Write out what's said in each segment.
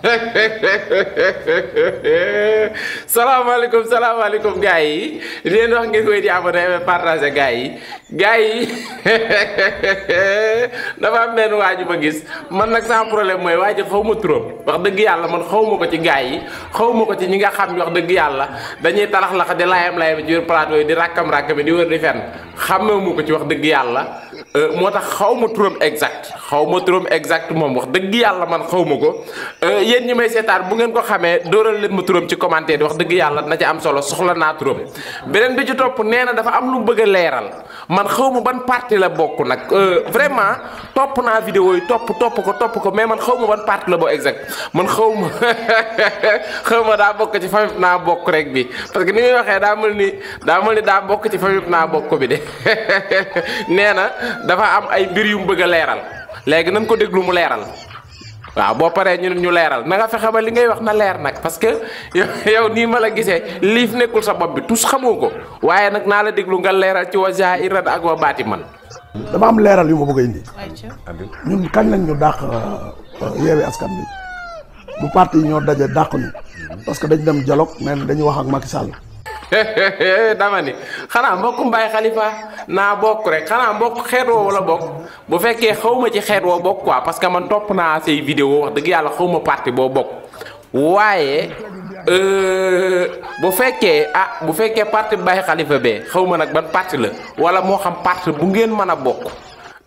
salaamaaleykum salaamaaleykum gars yi di leen wax ngeen koy di abonné partagé gaa yi gaa yi dafa am benn waaju ma gis man nag sans problème mooy waaja xaw ma turam wax dëgg yàlla man xaw ma ko ci gars yi xaw ma ko ci ñi nga xam wax dëgg yàlla dañuy talax lax di layam layam ci biir plateau yi di ràkkam rakkam di wër di fen xamee mu ko ci wax dëgg yàlla. Euh, moo tax xaw ma turam exact xaw ma turam exact moom wax dëgg yàlla man xaw ma ko euh, yéen ñi may seetaan bu ngeen ko xamee dóoral leen ma turam ci commentaire wax dëgg yàlla na ci am solo soxla naa turam beneen bi ci topp nee na dafa am lu bëgg a leeral man xaw ma ban parti la bokk nag euh, vraiment topp naa vidéo yi topp topp ko topp ko mais man xaw ma ban parti la boo exact man xaw ma xaw ma daa bokk ci famille naa bokk rek bi parce que ni muy waxee daa mal ni daa mal ni daa bokk ci famille naa bokk bi de dafa am ay mbir yu mu bëgg a leeral nañ ko déglu mu leral waaw bo Paske ñun ñu leral na nga fexe ba li ngay wax na leer nak parce que yow ni ma la gisee liif nekul sa bop bi tous xamoko waye nak na la déglu nga leral ci wa ak wa baatiman dama am leral yu ma bëgg indi. ñun kañ lañ ñu dakk euh, yewé askan bi bu parti ñoo daje ñu parce que dañ dem dialogue mais dañ wax ak Macky Sall. dama ni Khalifa. naa bokk rek xanaa mbokk xeet woo wala bokk bu fekkee xaw ma ci xeet woo bokk waa parce que man topp naa say vidéo wax dëgg yàlla xaw ma parti boo bokk waaye euh, bu fekkee ah bu fekkee parti Baye Khalifa bee xaw ma nag ban parti la wala moo xam parti bu ngeen mën a bokk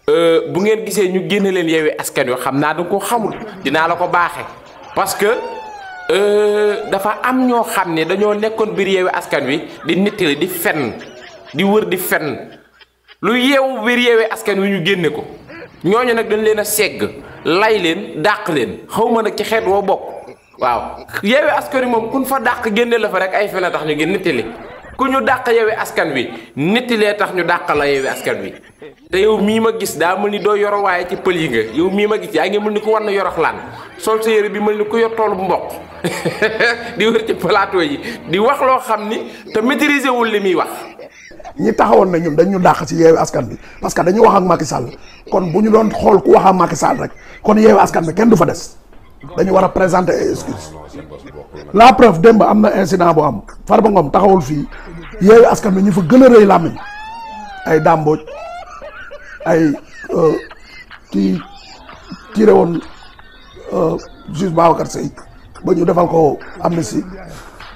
euh, bu ngeen gisee ñu génn leen Yewwi Askan Wi xam naa da ko xamul dinaa la ko baaxee parce que euh, dafa am ñoo xam ne dañoo nekkoon biir Yewwi Askan Wi di nettali di fenn di wër di fenn lu yeewu biir yeewee askan wi ñu génne ko ñooñu nag dañ leen a segg lay leen dàq leen xaw ma nag ci xeet woo bokk waaw yeewee askan wi moom kun fa dàq génne la fa rek ay fen a tax ñu génn nittali ku ñu dàq yeewee askan wi nittalee tax ñu dàq la yeewee askan wi te yow mii ma gis daa mel ni doo yoro waaye ci pël yi nga yow mii ma gis a ngi mel ni ku war na yorox laan sol sa yére bi mel ni ku yor toolu mboq di wër ci plateau yi di wax loo xam ni te maîtriser wul li muy wax. ñi taxawon na ñun dañu dàq ci yew askan bi parce que dañu wax ak Macky Sall kon buñu ñu doon xool ku wax ak Macky Sall rek kon yew askan bi kenn du fa des dañu wara a présenter ay excuse la preuve démb amna na incident bu am Farba Ngom taxawul fi yew askan bi ñu fa gëna a rëy ay dambo ay euh, kii tiré euh juge Babacar Seye ba ñu defal ko amnesty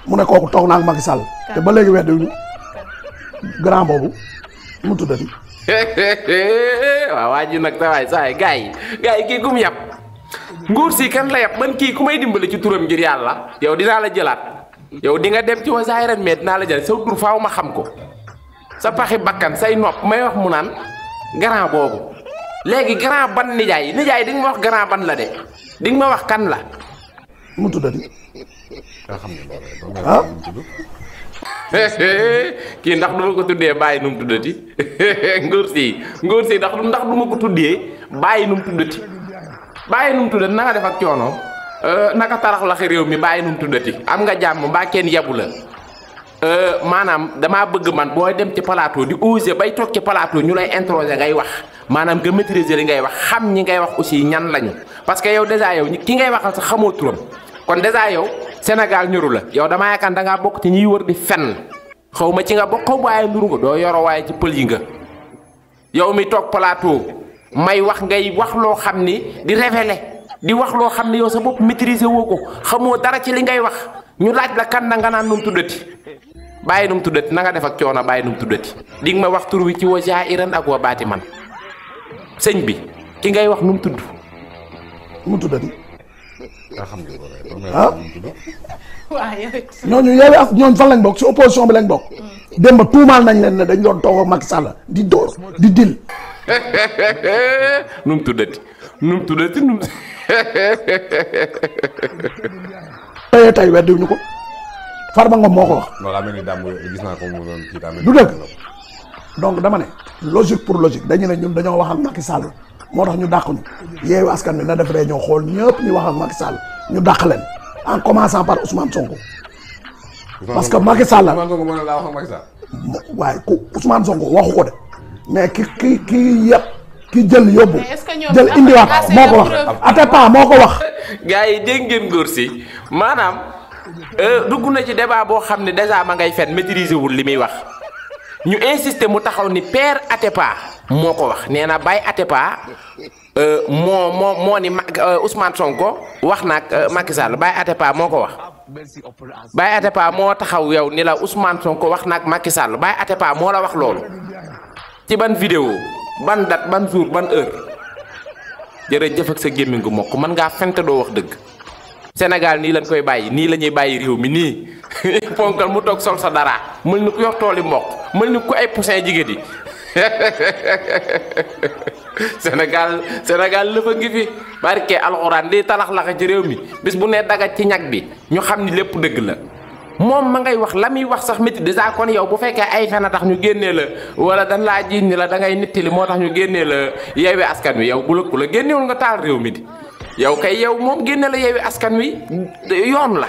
mu ne koku toog ak Macky Sall te ba léegi wéddu grand boobu mu tuddati. waaw waa ji nag tawaay saa yi gars yi gars yi kii gum yàpp nguur si kan la yàpp man kii ku may dimbali ci turam ngir yàlla yow dinaa la jëlaat yow di nga dem ci wasaayiran mais dinaa la jël sa tur faaw ma xam ko sa paxi bakkan say nopp may wax mu naan grand boobu léegi grand ban nijaay nijaay di nga ma wax grand ban la de di ma wax kan la mu tuddati. ah. kii ndax du ma ko tuddee bàyyi nu mu tuddati ngóor si ngóor si ndax ndax du ma ko tuddee bàyyi nu mu tuddati bàyyi nu mu tuddati na nga def ak coono euh, naka tarax la réew mi bàyyi nu mu tuddati am nga jàmm mbaa kenn yebu la euh, maanaam damaa bëgg man booy dem ci plateau di oser bay toog ci plateau ñu lay interroger ngay wax maanaam nga maîtriser li ngay wax xam ñi ngay wax aussi ñan lañu parce que yow déjà yow ki ngay waxal sax xamoo turam kon déjà yow. sénégal ñuru la yow dama yakkan da nga bok ci ñi wër di fenn xawma ci nga bok waye nuru nga do yoro way ci peul yi nga yow mi tok plateau may wax ngay wax lo xamni di révéler di wax lo xamni yow sa bop maîtriser woko xamoo dara ci li ngay wax ñu laaj la kan nga naan num tuddati baye num tuddati nga def ak ciona baye num tuddati di ma wax tur wi ci wa jairan ak wa batiman señ bi ki ngay wax num tuddu mu tuddati ah ñooñu yeewi ak ñooñ fan lañ bokk si opposition bi mm. donc ne logique pour logique dañu ne ñun dañoo wax Macky Sall motax ñu dàq ñu yeewu askan ni na def réunion xol ñepp ñi wax ak Macky Sall ñu dakk leen en commençant par Ousmane Sonko. parce que Macky Sall. Ousmane Sonko mo la wax ak Macky Sall. way ku Ousmane Sonko waxu ko de mais ki ki ki yëpp ki jël yobbu jël indi moo moko wax até moo moko wax. gaay yi dégg ngeen góor si euh dugg na ci débat bo xamni déjà ma ngay fen maîtriser wul limi wax ñu insister mu taxaw ni père até Atepa moko wax neena bay até pa Atepa euh, mo mo mo ni euh, Ousmane Sonko wax nak euh, Macky Sall bay Atepa pa moko wax até Atepa mo taxaw yow ni la Ousmane Sonko wax nak Macky Sall até Atepa mo la wax loolu ci ban vidéo ban dat ban jour ban heure jeuf ak sa gemingu moko man nga fente do wax deug Sénégal ni lañ koy bay ni lañuy ñuy rew mi ni ponkal mu tok sol sa dara melni ku yox toli mokk melni ku ay poussin senegal senegal lu fangi fi barke alquran di talakh laxa ci rewmi bis bu ne daga ci ñak bi ñu xamni lepp deug la mom ma ngay wax lamiy wax sax metti dèjà kon yow bu fekke ay fena tax ñu génnee la wala dañ la jinn ni la da ngay nittali moo tax ñu génnee la yeewi askan wi yow bu la ku la génnewul nga tal rewmi di yow kay yow mom génne la yau askan wi yoon la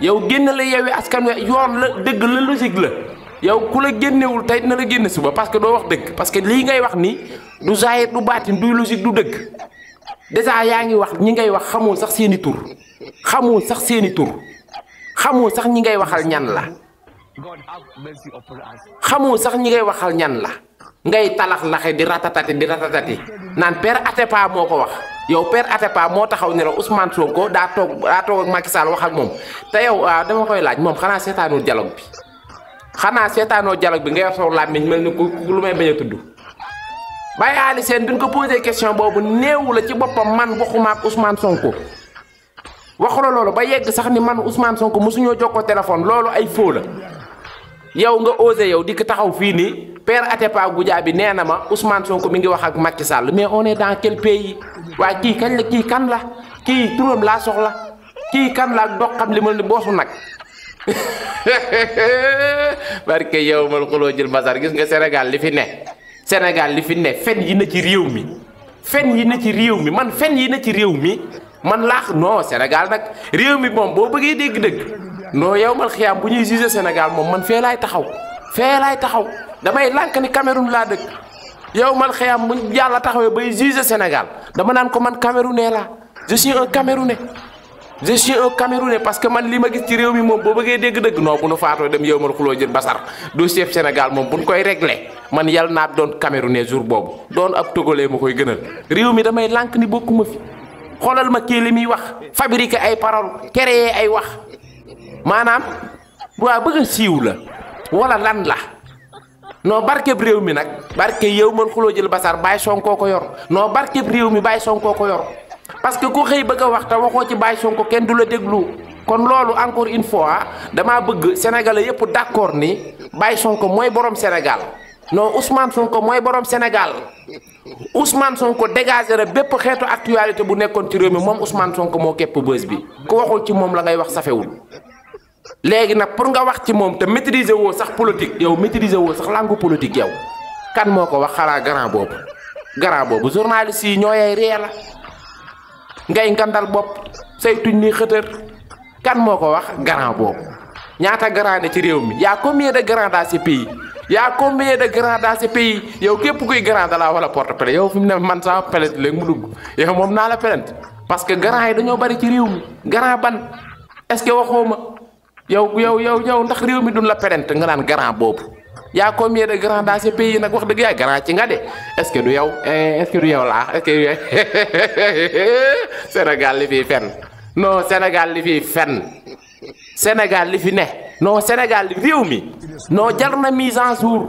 yow yau la yeewi askan wi yoon la deug la logique la yow ku la gennewul tay na la genn suba parce que do wax deug parce que li ngay wax ni du zaahir du baatin du logique du deug déjà yaangi wax ñi ngay wax xamoo sax seeni tour xamoo sax seeni tour xamoo sax ñi ngay waxal ñan la xamoo sax ñi ngay waxal ñan la ngay talax laxe di ratatati di ratatati nan Père Atepa moo ko wax yow Père Atepa mo taxaw ni la Ousmane Sonko da tok da tok ak Macky Sall wax ak moom te yow ah, dama koy laaj mom xana seetaanul dialogue bi xana seetaanoo dialogue bi ngay yor saw lamiñ melni ku lu may baña tuddu bay Ali sen duñ ko poser question bobu newu la ci bopam man waxuma ak Ousmane Sonko waxula lolu ba yegg sax ni man Ousmane Sonko mosuñoo joko telephone lolu ay faux la yow nga oser yow dik taxaw fi ni Père Atepa guja bi nee ma Ousmane Sonko mi ngi wax ak Macky Sall mais on est dans quel pays wa ki kan la ki kan la ki turum la soxla ki kan la ak doxam ni bosu nak barke yow mal xuloo jël basar gis nga Sénégal li fi ne Sénégal li fi ne fen yi na ci réew mi fen yi na ci réew mi man fen yi na ci réew mi man laax noo Sénégal nag réew mi moom boo bëggee dégg-dëgg non yow mal bu ñuy juger Sénégal moom man fee laay taxaw fee laay taxaw damay lànk ni Cameroun laa dëkk yow mal xiyaam bu yàlla taxawee bay juger Sénégal dama naan ko man Camerounais laa je suis un Camerounais je suis un Camerounais parce que man li ma gis ci réew mi moom boo bëggee dégg-dëgg non bu nu faatoo dem yow mal xuloo jën basar du chef Sénégal moom bu ñu koy regle man yàlla naa doon Camerounais jour boobu doon ab togolais ma koy gënal réew mi damay lànk ni ma fi xoolal ma kii li muy wax fabriquer ay paroles créer ay wax maanaam waa bëgg a siiw la wala lan la noo barkeb réew mi nag barke yow mal xuloo jël basar bàyyi sonkoo ko yor non barkeb réew mi bàyyi sonkoo ko yor parce que ku xëy bëgg a wax te waxoo ci Baye Sonko kenn du la déglu kon loolu encore une fois damaa bëgg sénégalais yëpp d'accord ni Baye Sonko mooy borom Sénégal non Ousmane Sonko mooy borom Sénégal Ousmane Sonko dégagé na bépp xeetu actualité bu nekkoon ci réew mi moom usman Sonko moo képp bës bi ku waxul ci moom la ngay wax safewul léegi nag pour nga wax ci moom te maîtriser woo sax politique yow maîtriser woo sax langue politique yow kan moo ko wax xalaa grand boobu grand boobu journaliste yi ñooyay ree la ngay ngandal bop sey ni xëtër kan moko wax grand bop ñaata grand ci rew mi ya combien de grand dans ce pays ya combien de grand dans ce pays yow kep kuy grand la wala porte pelé yow fim ne man sa pelé le mu dug yow mom na la pelé parce que grand yi dañoo bari ci rew mi grand ban est ce que waxoma yow yow yow yow ndax rew mi dun la pelé nga nan grand bop yaa combien de grand dans ce pays nag wax dëgg yaay grand ci nga de est-ce que du yow eh, est-ce que du yow laa est-ce que Sénégal li fi fenn noo Sénégal li fi fenn Sénégal li fi ne non Sénégal réew mi noo jar na mise en jour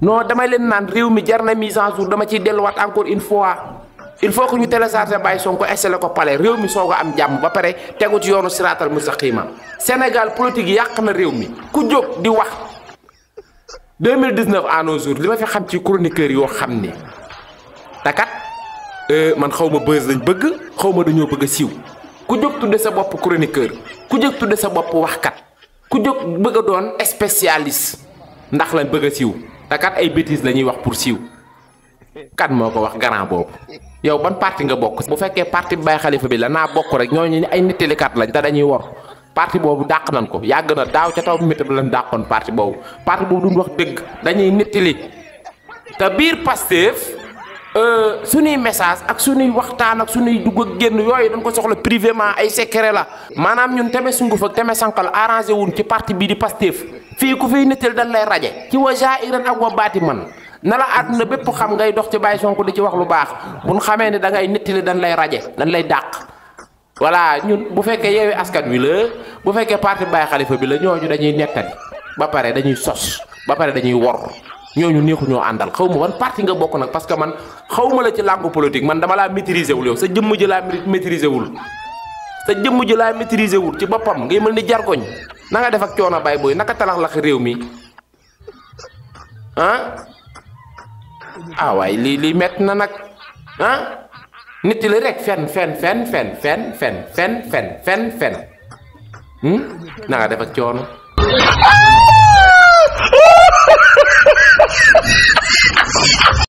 noo damay leen naan réew mi jar na mise en jour dama ciy delluwaat encore une fois il faut que ñu télécharger bàyyi Sonko installé ko palais réew mi soog a am jàmm ba pare tegu ci yoonu siraatal mustaqima Sénégal politique yàq na réew mi ku jóg di wax. 2019 à nos jours li ma fi xam ci chroniqueur yoo xam ni takat euh, man xaw ma buzz lañ bëgg xaw ma dañoo bëgg a siiw ku jóg tudde sa bopp chroniqueur ku jóg tudde sa bopp wax kat ku jóg bëgg a doon spécialiste ndax lañ bëgg a siiw takat ay bêtises la ñuy wax pour siiw kan moo ko wax garant boobu yow ban parti nga bokk bu fekkee parti Baye Khalifa bi la naa bokk rek ñooñu ay nettalikat lañ te dañuy wor parti bobu dak nan ko yag na daw ca taw metti lan dakon parti bobu parti bobu dun wax deug dañuy netili ta bir pastef euh suñuy message ak suñuy waxtaan ak suñuy dugg ak genn yoy dañ ko soxla privément ay secret la manam ñun téme sungu fa téme sankal arranger wuñ ci parti bi di pastef fi ku fi netel dañ lay rajé ci wa jairan ak wa batiman nala aduna bepp xam ngay dox ci baye sonko di ci wax lu bax buñ xamé ni da ngay dañ lay rajé dañ lay dak voilà ñun bu fekkee yeewi askat wi la bu fekkee parti Baye Khalifa bi la ñooñu dañuy nettali ba pare dañuy sos ba pare dañuy wor ñooñu neexu ñoo àndal xaw ma wan parti nga bokk nag parce que man xawma la ci làngu politique man dama laa maîtriser yow sa jëmm jëlaa laa maîtriser wul. sa jëmm ji laa wul ci boppam ngay mel ni jargoñ na nga def ak coono bay booy naka talax lax réew mi ah ah lii lii métti na nag ah. นี่ตีเลยเรีกแฟนแฟนแฟนแฟนแฟนแฟนแฟนแฟนแฟนแฟนอืมน่าจะฟักจอน